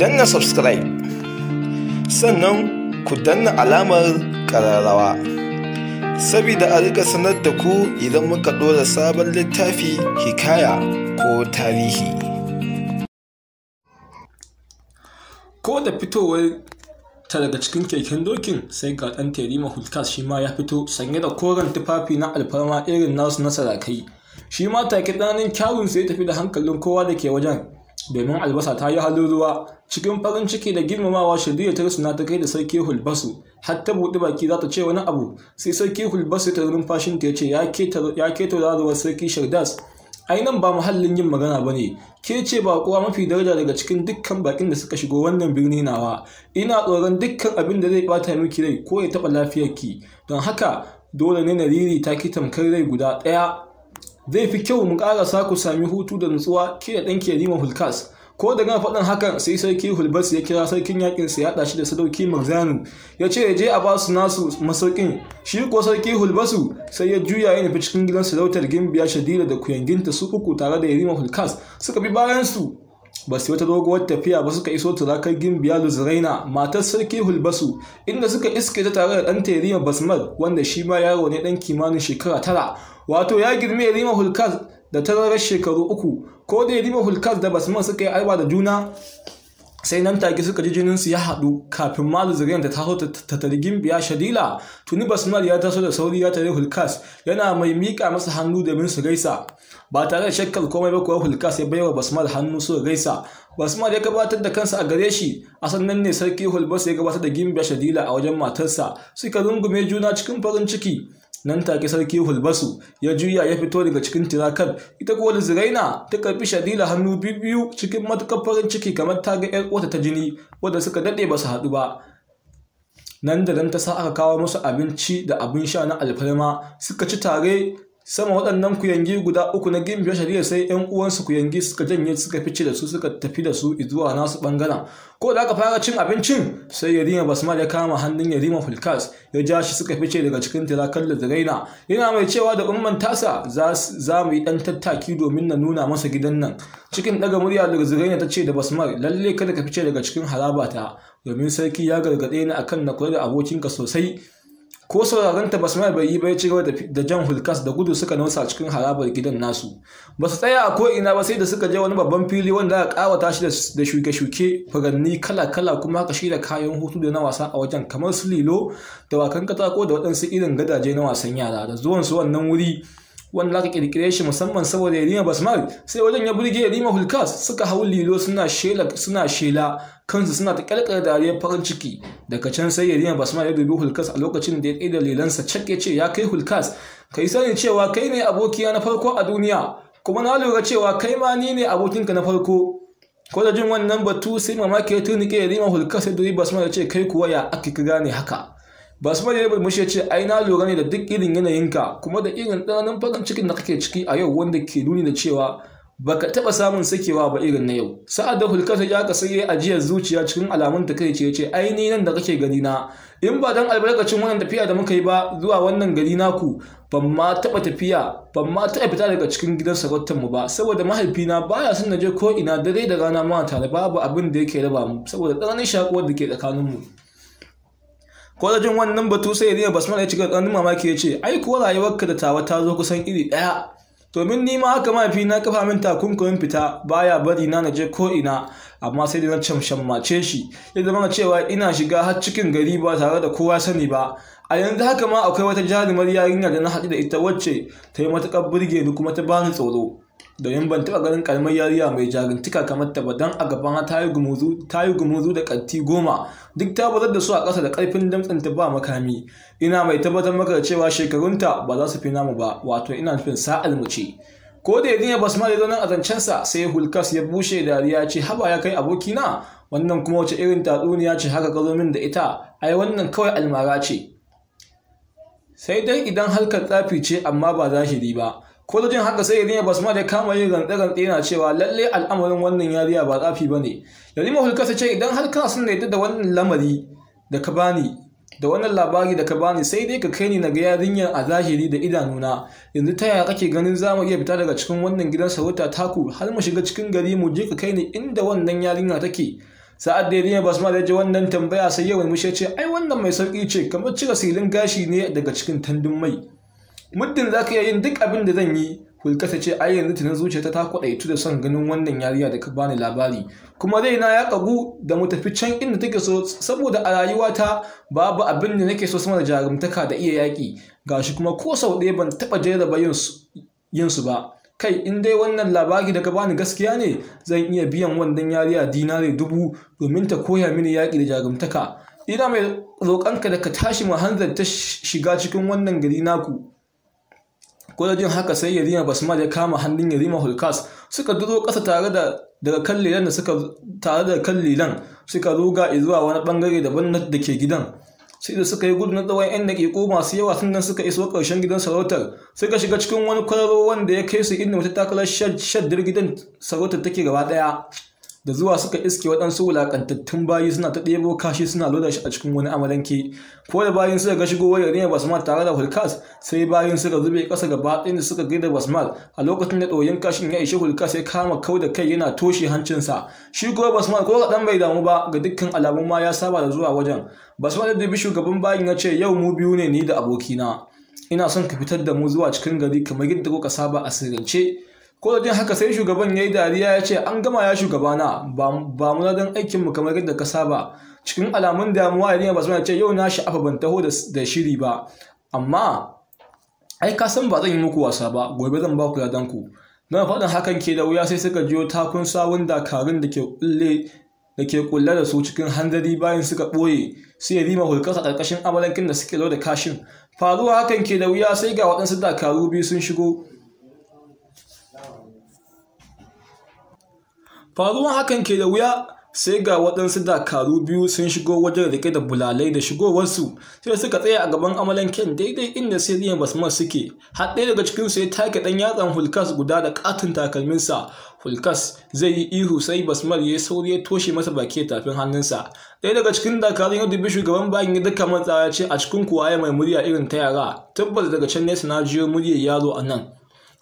danna subscribe sannan ku danna alamar kararrawa saboda a rika sanar da ku idan muka ɗora sabon littafi hikaya ko tarihi ko da fitowar ta daga cikin keken dokin sai ga ɗan terima hulkas shi ma ya fito sanye da koren tufafi na alfarma irin nasu na sarakai shi ma take danin kyawun sai tafi da hankalin kowa da ke wajen domin albasa ta yi halin ruwa cikin farin ciki da girmamawa shirya ta na ta kai da sarki hulbasu har ta buɗe baki za ta ce wani abu sai sarki hulbasu ta fashin ta ya ce ya keta tauraruwar sarki shardas ai nan ba muhallin yin magana ba ne ke ce ba kowa mafi daraja daga cikin dukkan bakin da suka shigo wannan birni nawa ina tsoron dukkan abin da zai bata miki rai ko ya taɓa lafiyar ki? don haka dole ne na riri ta ki tamkar rai guda ɗaya zai fi kyau mu ƙarasa ku sami hutu da nutsuwa ke da ɗanki yarima hulkas ko da gama faɗin hakan sai sarki hulbas ya kira sarkin yakin sa ya haɗa shi da sadauki marzanu ya ce ya je a basu nasu masaukin shi ko sarki hulbasu sai ya juya ya nufi cikin gidan sarautar gimbiya Shadira da kuyanginta su uku tare da yarima hulkas suka bi bayan su ba su wata doguwar tafiya ba suka iso turakar gimbiya luzraina matar sarki hulbasu inda suka iske ta tare da ɗanta yarima basmar wanda shi ma yaro ne ɗan kimanin shekara tara wato ya girme yarima hulkas da tararar shekaru uku ko ya dima hulkar da basman suka yi aiwa da juna sai nan take suka ji jininsu ya haɗu kafin malu zuriyar ta taso ta targin biya shadila tuni Basmar ya taso da sauri ya tare hulkas yana mai miƙa masa hannu domin su gaisa ba tare da shakkar komai ba kuwa hulkas ya baiwa Basmar hannu su gaisa Basmar ya gabatar da kansa a gare shi a sannan ne sarki hulbas ya gabatar da gimbiya shadila a wajen matarsa suka rungume juna cikin farin ciki nan take sarki hulbasu ya juya ya fito daga cikin tirakar ita kuwa ziraina ta karbi shadila hannu biyu cikin matukar farin ciki kamar ta ga 'yar ta jini wadda suka daɗe ba su haɗu ba nan da nan ta sa aka kawo musu abinci da abin sha na alfarma suka ci tare sama waɗannan kuyangi guda uku na gimbiya shari'a sai ‘yan uwansu kuyangi suka janye suka fice da su suka tafi da su zuwa nasu ɓangaren ko da aka fara cin abincin sai yarima basma ya kama hannun yarima fulkas ya ja shi suka fice daga cikin tirakar da zaraina yana mai cewa da umman tasa za mu yi ɗan tattaki domin na nuna masa gidan nan cikin ɗaga murya daga zaraina ta ce da basmar lalle kada ka fice daga cikin harabata domin sarki ya gargaɗe ni akan na kula da abokinka sosai ko sauraron basmar bai yi bai ci gaba da jan hulkas da gudu suka nausa cikin harabar gidan nasu ba su tsaya a ko'ina ba sai da suka je wani babban fili wanda aka kawata shi da shuke-shuke furanni kala-kala kuma aka shirya kayan hutu da na wasa a wajen kamar su lilo da wakan katako da waɗansu irin gadaje na wasan yara da zuwan su wannan wuri wanda ka kirkire shi musamman saboda Yarima Basmal sai wajen ya burge Yarima Hulkas suka hau lilo suna shela suna shela kansu suna ta kalkar dariyar farin ciki daga can sai Yarima Basmal ya dubi Hulkas a lokacin da ya kai da cak ya ce ya kai Hulkas kai sani cewa kai ne abokiya na farko a duniya kuma na lura cewa kai ma ni ne abokinka na farko ko da jin wannan batu sai mamaki ya turnike Yarima Hulkas ya dubi Basmal ya ce kai kuwa ya aka gane haka basmari ya murmushi ya ce ai na lura ne da duk irin yanayin ka kuma da irin tsananin farin cikin da kake ciki a yau wanda ke nuni da cewa baka taba samun sakewa ba irin na yau sa'ad da hulkata ya ka sai ajiyar zuciya cikin alamun ta kai ce ai ni nan da kake gani na in ba dan albarkacin wannan tafiya da muka yi ba zuwa wannan gari na ban ma taba tafiya ban ma taɓa fita daga cikin gidan sarautar mu ba saboda mahaifina baya son na je ko ina dare da rana ma tare babu abin da yake raba mu saboda tsananin shakuwar da ke tsakanin mu ko da jin wannan batu sai Irina Basmala ya cika ɗan mamaki ya ce ai ko rayuwarka da tawa ta zo kusan iri ɗaya domin ni ma haka mafi na kafa min takunkumin fita baya bari na na je ko ina amma sai da na camshammace shi ya zama cewa ina shiga har cikin gari ba tare da kowa sani ba a yanzu haka ma akwai wata jarumar yarinya da na haɗu da ita wacce ta yi matuƙar burge ni kuma ta bani tsoro domin ban taɓa ganin kalmar yariya mai jaruntuka kamar ta ba don a gaban ta yi gumuzu da ƙarti goma duk ta bazar da su a ƙasa da ƙarfin ta ba makami ina mai tabbatar maka da cewa shekarunta ba za su fi namu ba wato ina nufin sa'ar mu ce ko da ya dinga basma da zaunan a sai hulkas ya bushe dariya ce haba ya kai aboki na wannan kuma wace irin tatsuniya ce haka ka min da ita ai wannan kawai almara ce sai dai idan halkar tsafi ce amma ba zahiri ba kwalojin haka sai yarinya basma da kama yin rantse-rantse yana cewa lalle al'amarin wannan yariya ba zafi ba ne yarima hulka ta ce idan har kana suna yadda da wannan lamari da ka bani da wannan labari da ka bani sai dai ka kai ni na ga yarinyar a zahiri da idanuna yanzu ta yaya kake ganin za mu iya fita daga cikin wannan gidan sarauta taku har mu shiga cikin gari mu je ka kai ni inda wannan yarinya take sa'ad da yarinya basma da ji wannan tambaya sai yawan mushe ce ai wannan mai sauki ce kamar cire silin gashi ne daga cikin tandun mai muddin za ka iya yin duk abin da zan yi Hulƙasa ce ai yanzu tunan zuciyarta ta kwaɗaitu da son ganin wannan yariya da ka bani labari kuma na ya kagu da mu tafi can inda take so saboda a rayuwata babu abin da nake so sama da jarumtaka da iya yaƙi gashi kuma ko sau ɗaya ban taɓa jarraba yin su ba kai in dai wannan labari da ka bani gaskiya ne zan iya biyan wannan yariya dinare dubu domin ta koya mini yaƙi da jarumtaka ina mai roƙonka da ka tashi mu hanzarta shiga cikin wannan gari naku ko jin haka sai yarima basma ya kama hannun yarima hulkas suka duro kasa tare da daga kan lilan da suka tare da kan suka ruga zuwa wani bangare daban da ke gidan sai da suka yi gudu na tsawon 'yan daƙiƙo masu yawa sannan suka iso karshen gidan sarautar suka shiga cikin wani kwararo wanda ya kai su inda wata takalar shaddar gidan sarautar take gaba ɗaya da zuwa suka iske waɗansu wulaƙantattun bayi suna ta ɗebo kashi suna loda shi a cikin wani amalanke ko da bayin suka ga shigowar yarima basmal tare da hulkas sai bayin suka zube ƙasa gaba ɗayan da suka gaida basmal a lokacin da ɗoyin kashin ya ishe hulkas ya kama kau da kai yana toshe hancinsa shi kuwa basmal ko kaɗan bai damu ba ga dukkan alamu ma ya saba da zuwa wajen basmal da bi shugaban bayin ya ce yau mu biyu ne ni da abokina ina son ka fitar da mu zuwa cikin gari kamar yadda kuka saba a sirrance ko da haka sai shugaban ya yi dariya ya ce an gama ya shugabana ba mu don aikinmu kamar yadda ka saba cikin alamun damuwa ya ba su ce yau na sha'afa ban taho da shiri ba amma ai ka san ba zan yi muku wasa ba gobe zan ba ku ladan ku na faɗin hakan ke da wuya sai suka jiyo takun sawun dakarun da ke kulle da ke kulle da su cikin hanzari bayan suka ɓoye su ya rima hulkarsa ƙarƙashin amalankin da suke lau da kashin faruwa hakan ke da wuya sai ga waɗansu dakaru biyu sun shigo faruwan hakan ke da wuya sai ga waɗansu dakaru biyu sun shigo wajen rike da bulalai da shigowarsu sai suka tsaya a gaban amalan ken daidai inda sai riyan basmas suke har ɗaya daga cikinsu ya take ɗan yatsan hulkas guda da katin takalminsa hulkas zai yi ihu sai basmar ya sauri ya toshe masa baki tafin hannunsa ɗaya daga cikin dakarun ya dubi shugaban bayan ya duka matsaya ce a cikin kuwaye mai murya irin ta yara tabbas daga can nesa na jiyo murya yaro a nan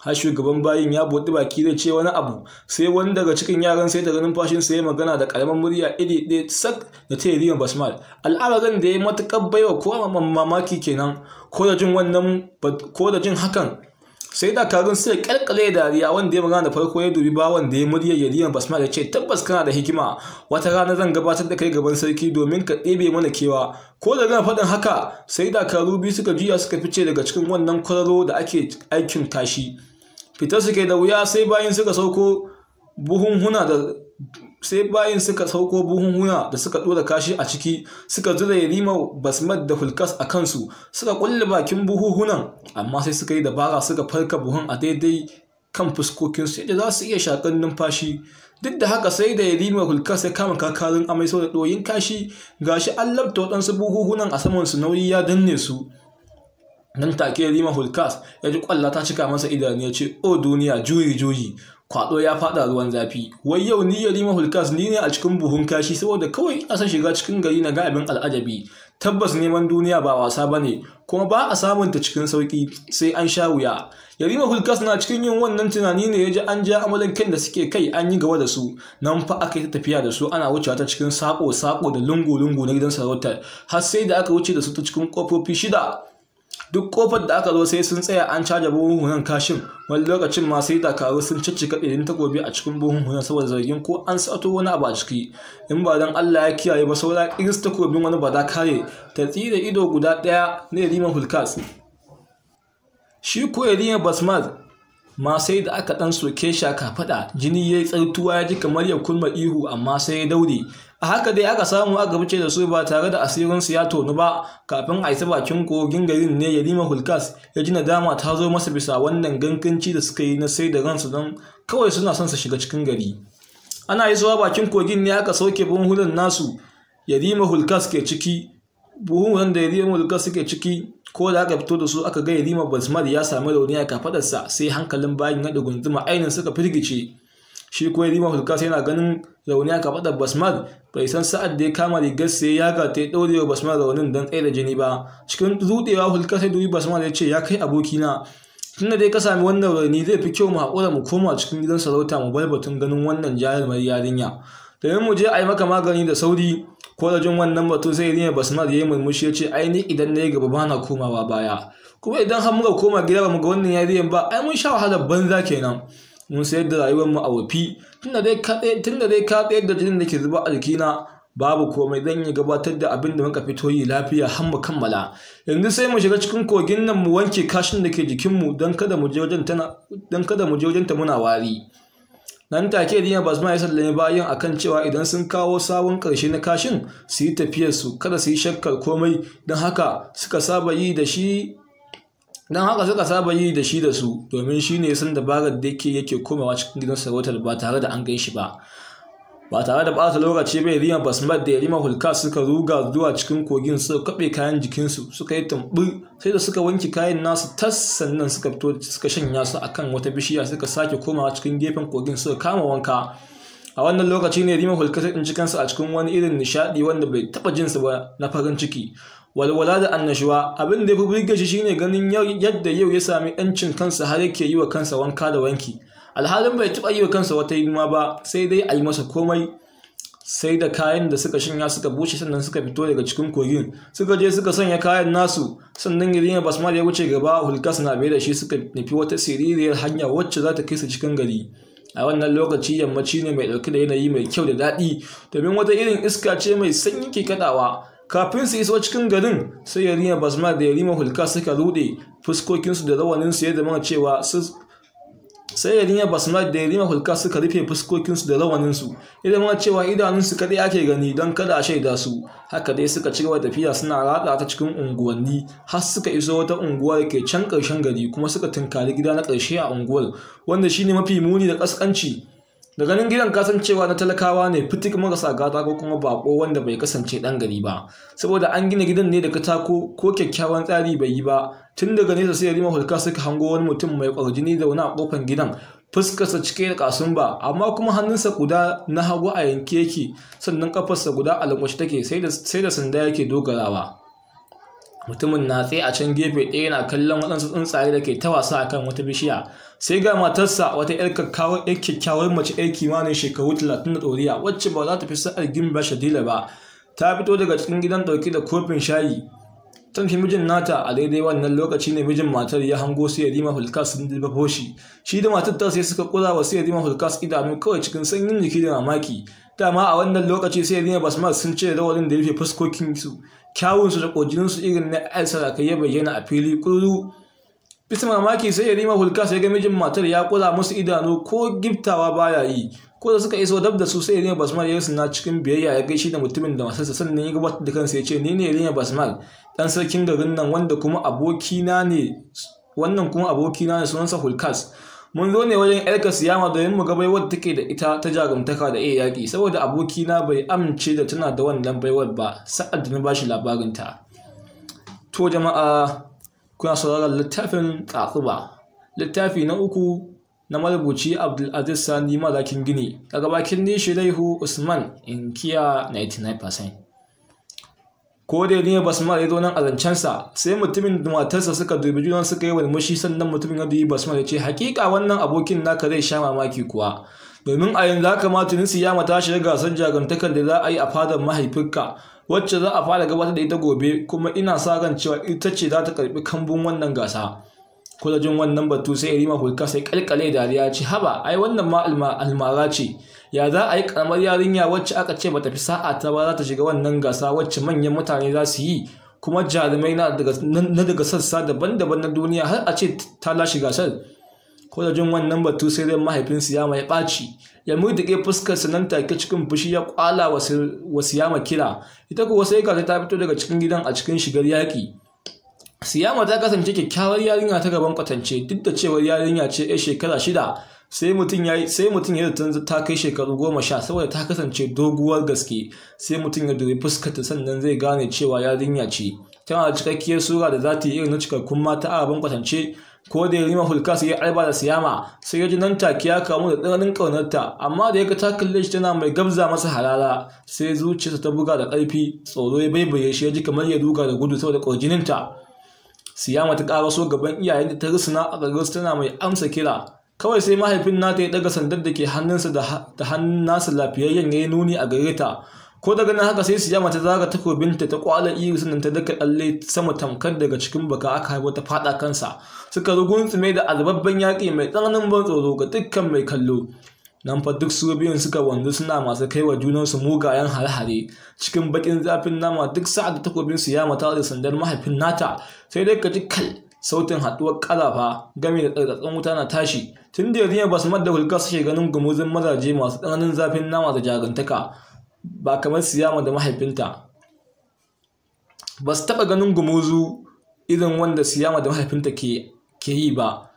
har shugaban bayin ya buɗi baki zai ce wani abu sai wani daga cikin yaran sai daga numfashin sai magana da karamin murya iri ɗaya sak da ta yi basmal al'amarin da ya matuƙar baiwa kowa mamaki kenan ko da jin wannan ko da jin hakan sai karin sai kalkale dariya wanda ya magana da farko ya dubi ba wanda ya murya ya yariyan basmal ya ce tabbas kana da hikima wata rana zan gabatar da kai gaban sarki domin ka ɗebe mana kewa ko da gana faɗin haka sai da karu biyu suka juya suka fice daga cikin wannan kwararo da ake aikin tashi fita suke da wuya sai bayan suka sauko buhunhuna da sai bayin suka sauko buhunhuna da suka dora kashi a ciki suka zura yarima, basmat da hulkas a kansu suka kulle bakin buhuhunan amma sai suka yi dabara suka farka buhun a daidai kan fuskokinsu, su yadda za su iya shakar numfashi duk da haka sai da yarima hulkas ya kama kakarin amai sau da ɗoyin kashi gashi an labta waɗansu buhuhunan a samansu nauyi ya danne su nan take rima hulkas ya ji kwalla ta cika masa idanu ya ce o oh, duniya juyi juyi kwado ya fada ruwan zafi wai yau ni ya rima hulkas ni ne a cikin buhun kashi saboda kawai ina son shiga cikin gari na ga abin al'ajabi tabbas neman duniya ba wasa ba ne, kuma ba a samun ta cikin sauki sai an sha wuya yarima hulkas na cikin yin wannan tunani ne ya ji an ja amalin kan da suke kai an yi gaba da su nan fa aka yi ta tafiya da su ana wucewa ta cikin sako sako da lungu lungu na gidan sarautar har sai da aka wuce da su ta cikin kofofi shida duk kofar da aka zo sai sun tsaya an caja buhun buhunhunan kashin wani lokacin ma sai dakaru sun ciccika ta takobi a cikin buhunhunan saboda zargin ko an sato wani abu a ciki in ba don Allah ya kiyaye ba saura iris takobin wani ba da kare ta tsira ido guda ɗaya na riman hulkas shi ko riman basmat ma sai da aka ɗan soke shi a kafaɗa jini ya yi tsartuwa ya ji kamar ya kulma ihu amma sai ya daure a haka dai aka samu aka bice da su ba tare da asirinsu ya tonu ba kafin a isa bakin kogin garin ne lima hulkas ya ji nadama ta zo masa bisa wannan gankanci da suka yi na sai da ransu don kawai suna son su shiga cikin gari ana isowa bakin kogin ne aka sauke buhunan nasu lima hulkas ke ciki buhunan da lima hulkas suke ciki ko da aka fito da su aka ga lima basmar ya sami rauni a kafadarsa sai hankalin bayan ya gunduma ainihin suka firgice shi rima hulka hulkas yana ganin rauni a kafaɗar basmar bai san sa'ad da ya kama rigar sai ya ga ta ɗaure wa basmar raunin don tsaye da jini ba cikin rudewa hulka sai dubi basmar ya ce ya kai abokina da dai ka sami wannan rauni zai fi kyau mu haƙura mu koma cikin gidan sarauta mu bar batun ganin wannan jarumar yarinya domin mu je a yi maka magani da sauri ko da jin wannan batun sai rima basmar ya yi murmushi ya ce ai ni idan na yi gaba ba na komawa baya kuma idan har muka koma gida ba mu ga wannan yarinya ba ai mun sha wahalar banza kenan mun sayar da rayuwar mu a wafi tunda dai dai ka tsayar da jinin da ke zuba a jikina babu komai zan yi gabatar da abin da muka fito yi lafiya har mu kammala yanzu sai mu shiga cikin kogin nan mu wanke kashin da ke jikinmu don kada mu je wajen tana don kada mu je wajen ta muna wari nan take dina basma ya sallame bayan akan cewa idan sun kawo sabon karshe na kashin su yi tafiyarsu kada su yi shakkar komai don haka suka saba yi da shi don haka suka saba yi da shi da su domin shi ne sun dabarar da yake yake komawa cikin gidan sarautar ba tare da an gan shi ba ba tare da ɓata lokaci bai riyan basmat da rima hulka suka ruga zuwa cikin kogin suka kaɓe kayan jikinsu suka yi tambur sai da suka wanke kayan nasu tas sannan suka fito suka shanya su a kan wata bishiya suka sake komawa cikin gefen kogin suka kama wanka a wannan lokaci ne rima hulka ta tsinci kansa a cikin wani irin nishaɗi wanda bai taɓa jinsa ba na farin ciki walwala da annashuwa abin da ya fi burge shi shine ganin yadda yau ya sami yancin kansa har yake yi wa kansa wanka da wanki alhalin bai taɓa yi wa kansa wata hidima ba sai dai a yi masa komai sai da kayan da suka shanya suka bushe sannan suka fito daga cikin kogin suka je suka sanya kayan nasu sannan girgin basmar ya wuce gaba hulkas na bai da shi suka nufi wata siririyar hanya wacce za ta kai su cikin gari a wannan lokaci yammaci ne mai ɗauke da yanayi mai kyau da daɗi domin wata irin iska ce mai sanyi ke kaɗawa kafin su iso cikin garin sai yarima basma da yarima hulka suka rude fuskokinsu da rawaninsu ya zama cewa sai yarima basma da yarima hulka suka rufe fuskokinsu da rawaninsu ya zama cewa idanunsu kaɗai ake gani don kada a shaida su haka dai suka ci gaba tafiya suna ratsa ta cikin unguwanni har suka iso wata unguwa da ke can ƙarshen gari kuma suka tunkari gida na ƙarshe a unguwar wanda shine mafi muni da ƙasƙanci da ganin gidan kasancewa na talakawa ne fitik marasa gata ko kuma bako wanda bai kasance dan gari ba saboda an gina gidan ne da katako ko kyakkyawan tsari bai yi ba tun daga nesa sai rima hulka suka hango wani mutum mai kwarjini da wani a kofan gidan fuskarsa cike da kasun ba amma kuma hannunsa guda na hagu a yanke yake sannan kafarsa guda a lankwashe take sai da sanda yake dogarawa mutumin na tsaye a can gefe ɗaya yana kallon waɗansu tsuntsaye da ke ta wasa a kan wata bishiya sai ga matarsa wata yar kyakkyawar yar kyakkyawar mace yar kimanin shekaru talatin da ɗoriya wacce ba za ta fi sa'ar gimba shadila ba ta fito daga cikin gidan ɗauke da kofin shayi tun mijin nata a daidai wannan lokaci ne mijin matar ya hango sai dima hulkas sun dirba shi shi da matar ta sai suka kura wa sai rima hulkas idanu kawai cikin sanyin jiki da mamaki dama a wannan lokaci sai dima basmar sun ce rawarin da rufe fuskokin su kyawunsu da ƙojininsu irin na ‘yan sarakai ya bayyana a fili ƙururu bisa mamaki sai ya rima hulka sai ga mijin matar ya ƙura musu idanu ko giftawa baya yi ko da suka iso dab da su sai Irina Basmal ya suna cikin biyayya ya gaishe da mutumin da sassan sannan ya gaba da kansa ya ce ni ne Irina Basmal dan sarkin garin nan wanda wannan kuma abokina ne sunansa Hulkas mun zo ne wajen yarka kasiyama domin mu ga baiwar take da ita ta jarumtaka da iya yaƙi saboda abokina bai amince da tana da wannan baiwar ba sa'ad da na ba shi labarinta to jama'a kuna sauraron littafin ƙasuba littafi na uku na marubuci abdulaziz sani mazakin gini daga bakin nishi laihu usman inkiya 99% ko dai ne basma ya zo nan a zancensa sai mutumin da matarsa suka dubi juna suka yi walmushi sannan mutumin ya dubi basma ya ce hakika wannan abokin naka zai sha mamaki kuwa domin a yanzu haka ma tunisi ya mata shiga gasar jagantakar da za a yi a fadar mahaifinka wacce za a fara gabatar da ita gobe kuma ina sa ran cewa ita ce za ta karbi kambun wannan gasa kulajin wannan batu sai rima hulka sai kalkale dariya ce haba ai wannan ma almara ce ya za a yi karamar yarinya wacce aka ce bata fi sa'a ta ba za ta shiga wannan gasa wacce manyan mutane za su yi kuma jarumai na daga sassa daban-daban na duniya har a ce ta lashe gasar ko da jin wannan batu sai dai mahaifinsu ya mai ɓaci ya dake fuskar sa nan take cikin fushi ya kwala wa siyama kira ita kuwa sai gata ta fito daga cikin gidan a cikin shigar yaƙi siyama ta kasance kyakkyawar yarinya ta gaban kwatance duk da cewar yarinya ce 'yar shekara shida sai mutum ya sai mutum ya ta kai shekaru goma sha saboda ta kasance doguwar gaske sai mutum ya dubi fuskata sannan zai gane cewa yarinya ce tana da cikakkiyar sura da za ta yi irin na cikakkun mata a abin kwatance ko da ya rima hulka sai ya alba da siyama sai ya ji nan take ya kamu da tsananin ƙaunarta amma da ya ga ta kalle shi tana mai gabza masa halala sai zuciyarsa ta buga da ƙarfi tsoro ya baibaye shi ya ji kamar ya duga da gudu saboda ƙorjininta siyama ta ƙaraso gaban iyayen da ta risuna a tana mai amsa kira kawai sai mahaifin nata ya daga sandar da ke hannunsa da hannun nasa lafiyayyen ya yi nuni a gare ta ko daga nan haka sai su ya mace zaga takobinta ta kwala iri sannan ta daka tsalle sama tamkar daga cikin baka aka haifo ta fada kansa suka rugunsume da albabban yaki mai tsananin ban tsoro ga dukkan mai kallo nan fa duk su biyun suka wanzu suna masu kai wa junansu mugayen hare-hare cikin bakin zafin nama duk sa'ad da takobin su ya ta da sandar mahaifin nata sai dai ka ji kal sautin haɗuwar ƙarafa game da tsarkatsan wuta na tashi tun da yarinya basu mada hulka suke ganin gumuzin mazaje masu tsananin zafin nama da jagantaka ba kamar siyama da mahaifinta ba su taɓa ganin gumuzu irin wanda siyama da mahaifinta ke yi ba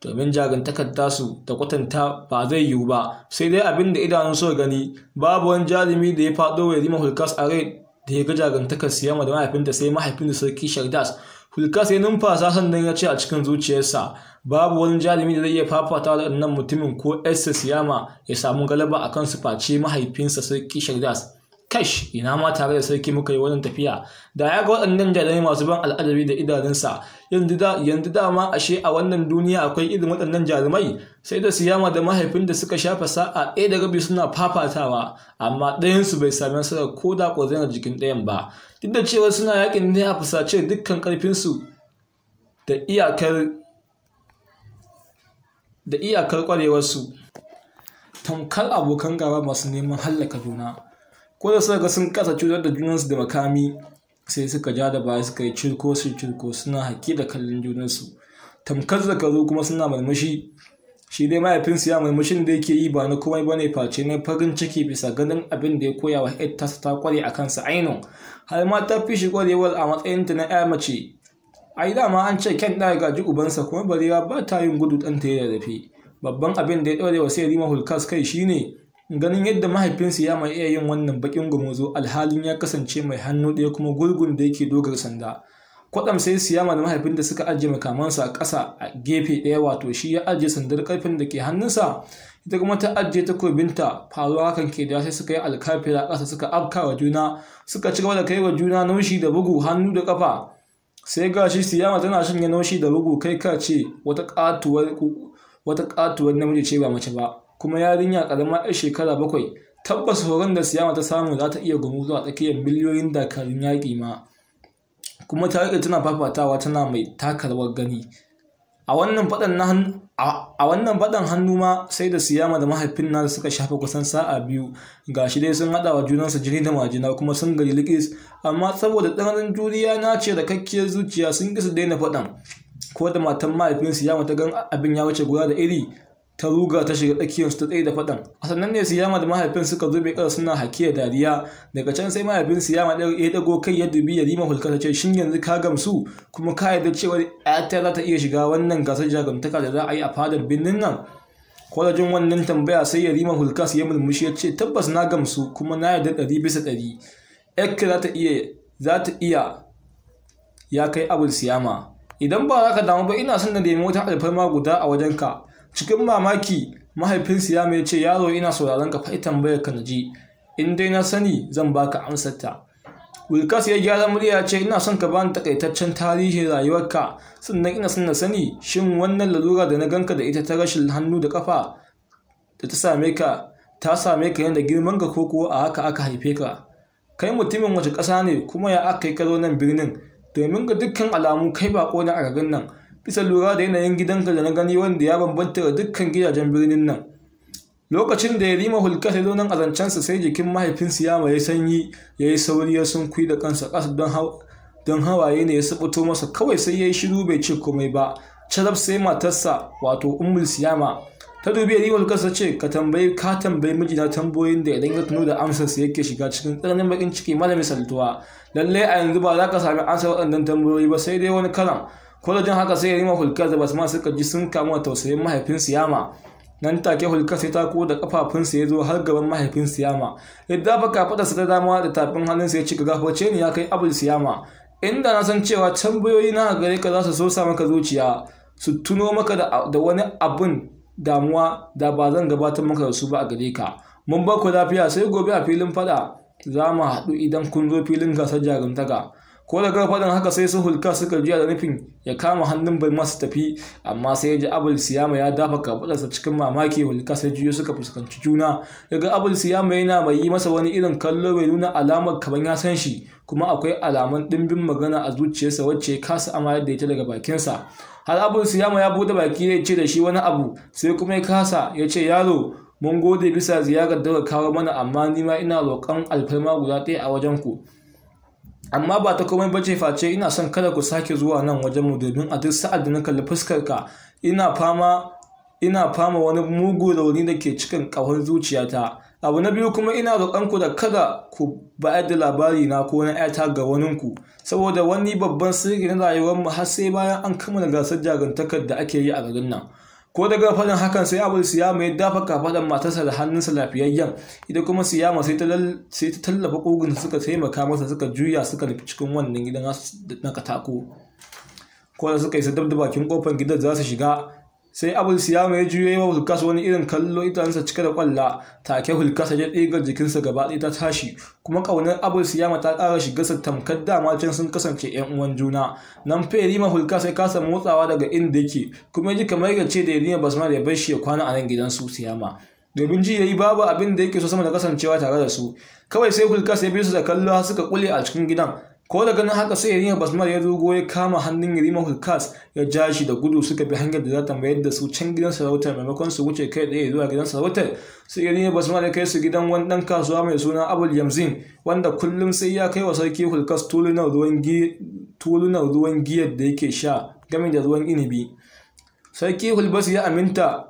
domin jagantakar tasu ta kwatanta ba zai yiwu ba sai dai abin da idanun so gani babu wani jarumi da ya faɗo wa rima hulkas a rai da ya ga jagantakar siyama da mahaifinta sai mahaifinta sarki shardas Hulkas ya numfasa sannan ya ce a cikin zuciyarsa babu wani jalimi da zai iya fafata da nan mutumin ko Estes Yama ya samu galaba a kan su face mahaifinsa Sarki Shardas kash ina ma tare da sarki muka yi wannan tafiya da ya ga waɗannan jarumai masu ban al'adari da idanunsa yanzu da yanzu dama ashe a wannan duniya akwai irin waɗannan jarumai sai da siyama da mahaifin da suka shafa sa'a ɗaya da rabi suna fafatawa amma ɗayansu bai sami nasarar ko da ƙwazanar jikin ɗayan ba duk da cewa suna yakin ne a fusace dukkan ƙarfinsu da iyakar da iyakar ƙwarewarsu tamkar abokan gaba masu neman hallaka juna ko da suka ga sun kasa cutar da junansu da makami sai suka ja da baya suka yi cirko su cirko suna haƙi da kallon junansu tamkar zakaru kuma suna murmushi shi dai mahaifinsu ya murmushin da yake yi ba na komai ne face na farin ciki bisa ganin abin da ya koya wa ƴar tasa ta kware a kansa Aino. har ma ta fi shi kwarewar a matsayinta na ya mace ai dama an ce ken ɗaya gaji ubansa kuma barewa ba ta yin gudu ɗanta ya rarrafe babban abin da ya ɗaure wa sai rima hulkas kai shine ganin yadda mahaifinsu ya mai iya yin wannan bakin gumuzo alhalin ya kasance mai hannu ɗaya kuma gurgun da yake dogar sanda kwaɗam sai siyama da mahaifin da suka ajiye makamansa a ƙasa a gefe ɗaya wato shi ya ajiye sandar ƙarfin da ke hannunsa ita kuma ta ajiye takobinta faruwa kan ke da sai suka yi alkafira ƙasa suka afka wa juna suka ci gaba da kai wa juna naushi da bugu hannu da ƙafa sai gashi siyama tana shanye naushi da bugu kai ka ce wata ƙatuwar namiji ce ba mace ba kuma yarinya karama 'yar shekara bakwai tabbas horon da siyama ta samu za ta iya gumu zuwa tsakiyar miliyoyin dakarun yaƙi ma kuma ta riƙe tana fafatawa tana mai takarwar gani a wannan faɗan hannu ma sai da siyama da mahaifin nasu suka shafa kusan sa'a biyu ga shi dai sun haɗa wa junansa jini da majina kuma sun gari likis amma saboda ɗanarin juriya na ce da kakkiyar zuciya sun gisa daina faɗan ko da matan mahaifin siyama ta gan abin ya wuce guda da iri ta ruga ta shiga tsakiyarsu ta tsaye da faɗan a sannan ne siyama da mahaifin suka zube ƙasa suna hakiya dariya daga can sai mahaifin siyama ya dago kai ya dubi ya rima hulka ta ce shin yanzu ka gamsu kuma ka yarda cewa ta za ta iya shiga wannan gasar jagantaka da za a yi a fadar birnin nan kwalajin wannan tambaya sai ya rima su ya murmushi ya ce tabbas na gamsu kuma na yarda ɗari bisa ɗari yakka za ta iya za ta iya ya kai abul siyama idan ba za ka damu ba ina son na nemi wata alfarma guda a wajen ka. cikin mamaki mahaifinsu ya mai ce yaro ina sauraron ka fai tambayar ka ji in dai na sani zan baka amsar ta wilkas ya gyara murya ce ina son ka bani takaitaccen tarihin rayuwarka sannan ina son na sani shin wannan lalura da na ganka da ita ta rashin hannu da kafa da ta same ka ta same ka yadda girman ka ko kuwa a haka aka haife ka kai mutumin wace ƙasa ne kuma ya aka yi karo nan birnin domin ga dukkan alamu kai bako na a nan bisa lura da yanayin gidanka da na gani wanda ya bambanta da dukkan gidajen birnin nan lokacin da ya rima hulka sai zo nan a zancensa sai jikin mahaifinsu ya mai sanyi ya yi sauri ya sun da kansa ƙasa don hawaye ne ya sabuto masa kawai sai ya yi shiru bai ce komai ba carab sai matarsa wato ummul siyama ta dubi yari wal kasa ce ka tambayi ka tambayi mijina tambayoyin da idan ya tuno da amsar sa yake shiga cikin tsananin bakin ciki mara misaltuwa lallai a yanzu ba za ka sami amsar waɗannan tambayoyi ba sai dai wani kalan. ko da jin haka sai yarima hulka da ma suka ji sun kamu da tausayin mahaifin siyama nan take hulka sai ta da kafafunsa ya zo har gaban mahaifin siyama idan ba kafadarsa ta dama da tafin sa ya cika gafoce ne ya kai abul siyama inda na san cewa tambayoyi na gare ka za su so sa maka zuciya su tuno maka da wani abun damuwa da ba zan gabatar maka da su ba a gare ka mun ba ku lafiya sai gobe a filin fada za mu haɗu idan kun zo filin gasar jarumtaka ko da faɗin haka sai su hulka suka juya da nufin ya kama hannun bai masu tafi amma sai ya ji abul siyama ya dafa kafaɗarsa cikin mamaki hulka sai juyo suka fuskanci juna daga abul siyama yana mai yi masa wani irin kallo mai nuna alamar kaman ya san shi kuma akwai alaman ɗimbin magana a zuciyarsa wacce ya kasa amayar da ita daga bakinsa har abul siyama ya buɗe baki ya ce da shi wani abu sai kuma ya kasa ya ce yaro mun gode bisa ziyarar da kawo mana amma ni ma ina roƙon alfarma guda ɗaya a wajen ku amma ba ta komai bace face ina son kada ku sake zuwa nan wajen mu domin a duk sa'ad da na kalli fuskar ka ina fama ina fama wani mugu rauni da ke cikin ƙahon zuciyata abu na biyu kuma ina ku da kada ku bayar da labari na ko na ƴata ga waninku saboda wani babban sirri na rayuwar mu har sai bayan an kammala gasar jagantakar da ake yi a garin nan ko daga faɗin hakan sai abu siyama ya dafa kafaɗan matarsa da hannunsa lafiyayyen ita kuma siya ma sai ta tallafa ƙugunsa suka taimaka masa suka juya suka nufi cikin wannan gidan na katako ko da suka isa dab da bakin kofar gidan za su shiga sai abul siyama ya juyo wa hulkas wani irin kallo idansa cike da kwalla take hulkas ya ɗigar jikinsa gaba ɗaya ta tashi kuma ƙaunar abul siyama ta ƙara shiga tamkar dama can sun kasance yan uwan juna nan fa rima hulkas ya kasa motsawa daga inda yake kuma ya ji kamar ya ce da rima basma da ya bar shi ya kwana a nan gidan su siyama domin ji yayi babu abin da yake so sama da kasancewa tare da su kawai sai hulkas ya bi su da kallo har suka kule a cikin gidan ko da ganin haka sai yarima basmar ya zo ya kama hannun yarima hulkas ya ja shi da gudu suka bi hanyar da za ta mayar da su can gidan sarautar maimakon su wuce kai tsaye zuwa gidan sarautar sai yarima basmar ya kai su gidan wani dan kasuwa mai suna abul yamzin wanda kullum sai ya kai wa sarki hulkas tulunar ruwan giyar da yake sha gami da ruwan inibi sarki hulbas ya aminta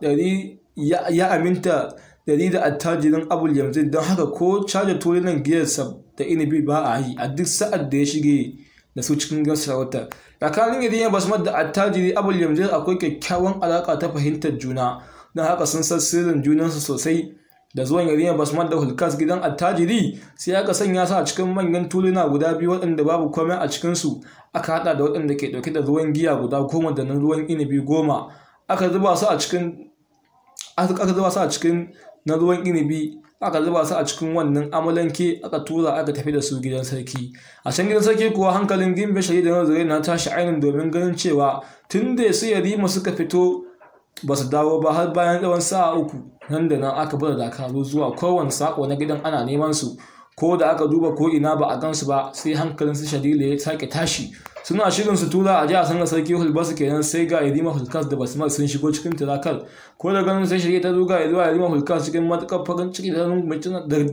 da da attajirin abul yanzu don haka ko caja nan giyarsa da inibi ba a yi a duk sa'ad da ya shige da su cikin gan sarauta tsakanin yadda basmat da attajiri abul yanzu akwai kyakkyawan alaka ta fahimtar juna don haka sun san sirrin junansu sosai da zuwan ya basmar da hulkas gidan attajiri sai aka sanya su a cikin manyan tuluna guda biyu waɗanda babu komai a cikinsu aka haɗa da waɗanda ke ɗauke da ruwan giya guda goma da na ruwan inibi goma aka zuba su a cikin aka zuba su a cikin na ruwan inibi aka zuba su a cikin wannan amalanke aka tura aka tafi da su gidan sarki a can gidan sarki kuwa hankalin gimbe shari da nazarai na tashi ainihin domin ganin cewa tun da su yarima suka fito ba su dawo ba har bayan tsawon sa'a uku nan da nan aka bada dakaru zuwa kowane sako na gidan ana neman su ko da aka duba ko ina ba a gan su ba sai hankalin su shadile ya sake tashi suna shirin su tura a jihar sanga sarki hulbasu kenan sai ga yarima hulkas da basmar sun shigo cikin tirakar ko da ganin sai shirya ta zuga zuwa yarima hulkas cikin matukar farin ciki da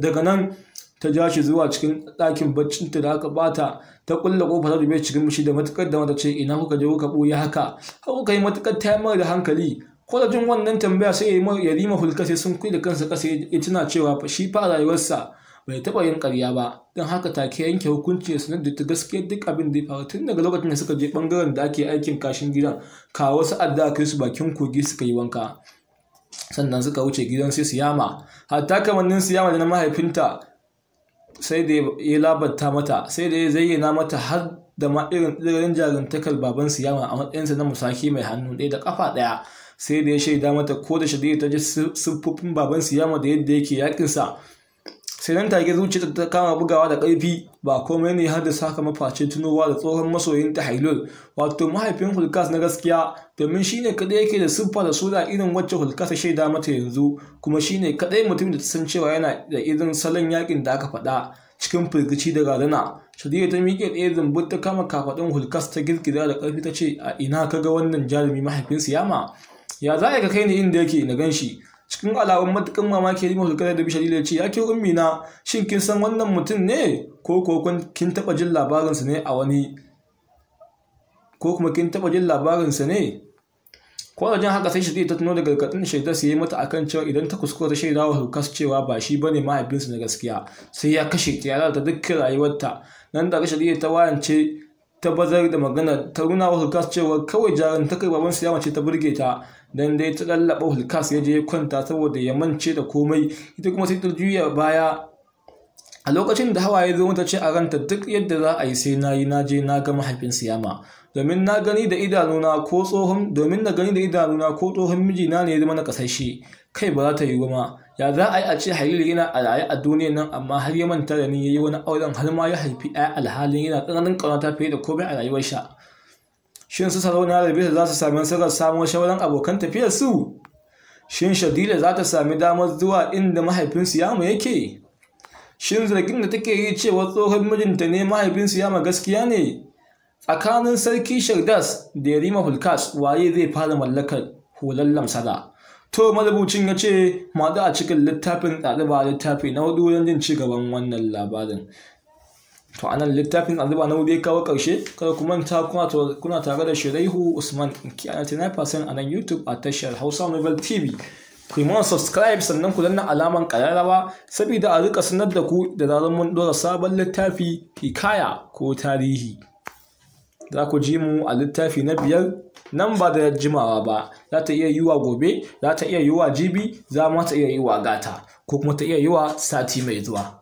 daga nan ta ja shi zuwa cikin ɗakin baccin ta da aka bata ta kulla kofar da cikin mishi da matukar da mata ce ina kuka je kuka ɓoye haka har kuka yi matukar tayar da hankali ko da jin wannan tambaya sai yarima hulkas sai sun kuyi da kansa kasa ya tuna cewa shi fa rayuwarsa bai taɓa yin ƙarya ba don haka take yanke hukunci ya sanar da ta gaskiyar duk abin da ya faru tun daga lokacin da suka je ɓangaren da ake aikin kashin gidan kawo wasu adda kai su bakin kogi suka yi wanka sannan suka wuce gidan sai siyama hatta kamannin siyama da na mahaifinta sai da ya labarta mata sai da ya zayyana mata har da ma irin tsirin jarintakar baban siyama a matsayinsa na musaki mai hannu ɗaya da kafa ɗaya sai da ya shaida mata ko da shadiyar ta ji siffofin baban siyama da yadda yake yakinsa sai nan take zuciya ta kama bugawa da ƙarfi ba komai ne har da saka maface tunowa da tsohon masoyin ta hailul wato mahaifin hulkas na gaskiya domin shine kadai yake da siffa da suna irin wacce hulkas ta shaida mata yanzu kuma shine kadai mutum da ta san cewa yana da irin salon yakin da aka faɗa cikin firgici da razana shadiya ta miƙe ɗaya zumbur ta kama kafaɗin hulkas ta girgiza da ƙarfi ta ce a ina ka ga wannan jarumi mahaifin siyama ya za ka kai ni inda yake na gan shi cikin alamun matukan mamaki Halima Zulkada da Bishari da ce ya ke ummi na shin kin san wannan mutum ne ko ko kin taba jin labarinsa ne a wani ko kuma kin taba jin labarinsa ne haka sai zai ta tuno da gargadin shaidar su yi mata akan cewa idan ta kuskura ta shaida wa hukas cewa ba shi ba ne mahaifinsu na gaskiya sai ya kashe ta yara ta dukkan rayuwarta nan da shirya ta wayance ta bazar da magana ta runa wa hukas cewa kawai jarin ta kai babansu ya mace ta burge ta dan dai ta lallaba hulkas ya je ya kwanta saboda ya mance da komai ita kuma sai ta juya baya a lokacin da hawaye zo mata ce a ranta duk yadda za a yi sai na yi na je na ga mahaifin siyama domin na gani da idanuna ko tsohon domin na gani da idanuna ko tsohon mijina ne ya zama na kasashe kai ba za ta yi ba ya za a yi a ce halilu yana a raye a duniyan nan amma har ya manta da ni ya yi wani auren har ma ya haifi ɗaya alhalin yana tsananin ƙaunata fiye da komai a rayuwar sha shin su sarauniya da bisa za su sami nasarar samun shawaran abokan tafiyar su shin shadila za ta sami damar zuwa inda mahaifinsu yamu yake shin zargin da take yi cewa tsohon mijinta ne mahaifinsu yama gaskiya ne tsakanin sarki shardas da yarima hulkas waye zai fara mallakar hular lamsara? to marubucin ya ce za a cikin littafin ɗaliba littafi na hudu don jin ci gaban wannan labarin to anan littafin alzuba na wube kawo karshe kada ku manta kuna tare da shiraihu usman ke a 99% a nan youtube a tashar hausa novel tv ku yi mana subscribe sannan ku danna alaman kararrawa saboda a rika sanar da ku da zarar mun dora sabon littafi hikaya ko tarihi za ku ji mu a littafi na biyar nan ba da jimawa ba za ta iya yiwa gobe za ta iya yiwa jibi za ma ta iya yiwa gata ko kuma ta iya yiwa sati mai zuwa